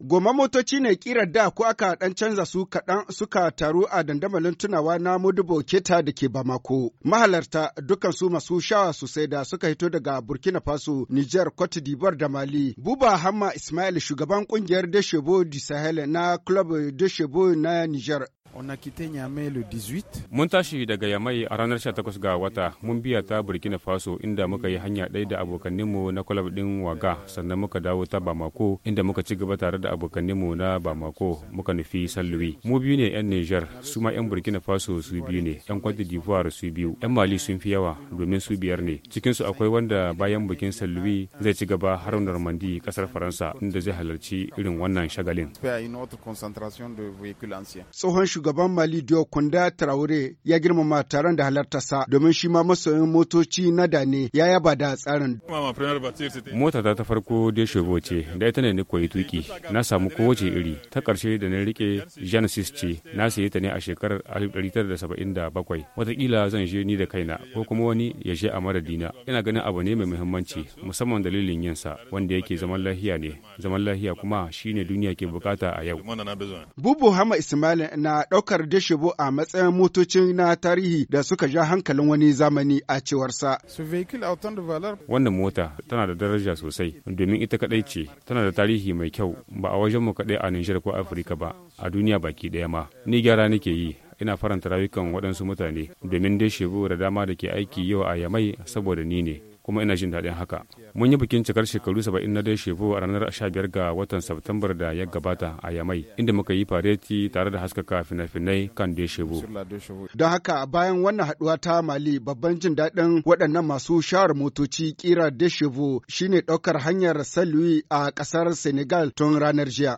Goma motoci ne kirar da ko aka ɗan canza su kaɗan suka taru a dandamalin tunawa na Mudubo Keta da ke Bamako. Mahalarta dukkan su masu shawa sosai da suka hito daga Burkina Faso, Niger, Cote d'Ivoire da Mali. Buba Hamma Ismail shugaban kungiyar Deshebo du Sahel na Club Deshebo na Niger Mun tashi daga Yamai a ranar 18 ga wata mun biya ta Burkina Faso inda muka yi hanya ɗaya da abokanninmu na kwalab ɗin Waga sannan muka dawo ta Bamako inda muka ci gaba tare da abokanninmu na Bamako muka nufi San Louis. Mu biyu ne 'yan Niger su ma 'yan Burkina Faso su biyu ne 'yan Cote d'Ivoire su biyu 'yan Mali sun fi yawa domin su biyar ne cikinsu akwai wanda bayan bikin San Louis zai ci gaba har Normandy kasar Faransa inda zai halarci irin wannan shagalin. Tsohon shugaban Mali Diyo Kunda Traore ya girmama taron da sa domin shi ma masoyin motoci na da ne ya yaba da tsarin. Mota ta ta farko da shobo ce, da ita ne ni koyi tuki, na samu kowace iri, ta karshe da na rike Genesis ce, na saye ta ne a shekarar 1977, watakila zan je ni da kaina ko kuma wani ya je a maradina. Ina ganin abu ne mai muhimmanci, musamman dalilin yinsa wanda yake zaman lahiya ne, zaman lafiya kuma shine duniya ke bukata a yau. Bubu Hama Ismail na ɗaukar deshebo a matsayin motocin na tarihi da suka ja hankalin wani zamani a cewarsa. Wannan mota tana da daraja sosai domin ita kaɗai ce tana da tarihi mai kyau ba a wajen mu kaɗai a Nijar ko Afirka ba a duniya baki ɗaya ma. Ni gyara nake yi ina faranta rayukan waɗansu mutane domin deshebo da dama da ke aiki yau a yamai saboda ni ne kuma ina jin daɗin haka mun yi bikin cikar shekaru saba'in na dai a ranar 15 ga watan Satumbar da ya gabata a Yamai inda muka yi fareti tare da haskaka fina-finai kan dai don haka bayan wannan haduwa ta Mali babban jin daɗin waɗannan masu shawar motoci kira dai shevo shine ɗaukar hanyar saluwi a ƙasar Senegal tun ranar jiya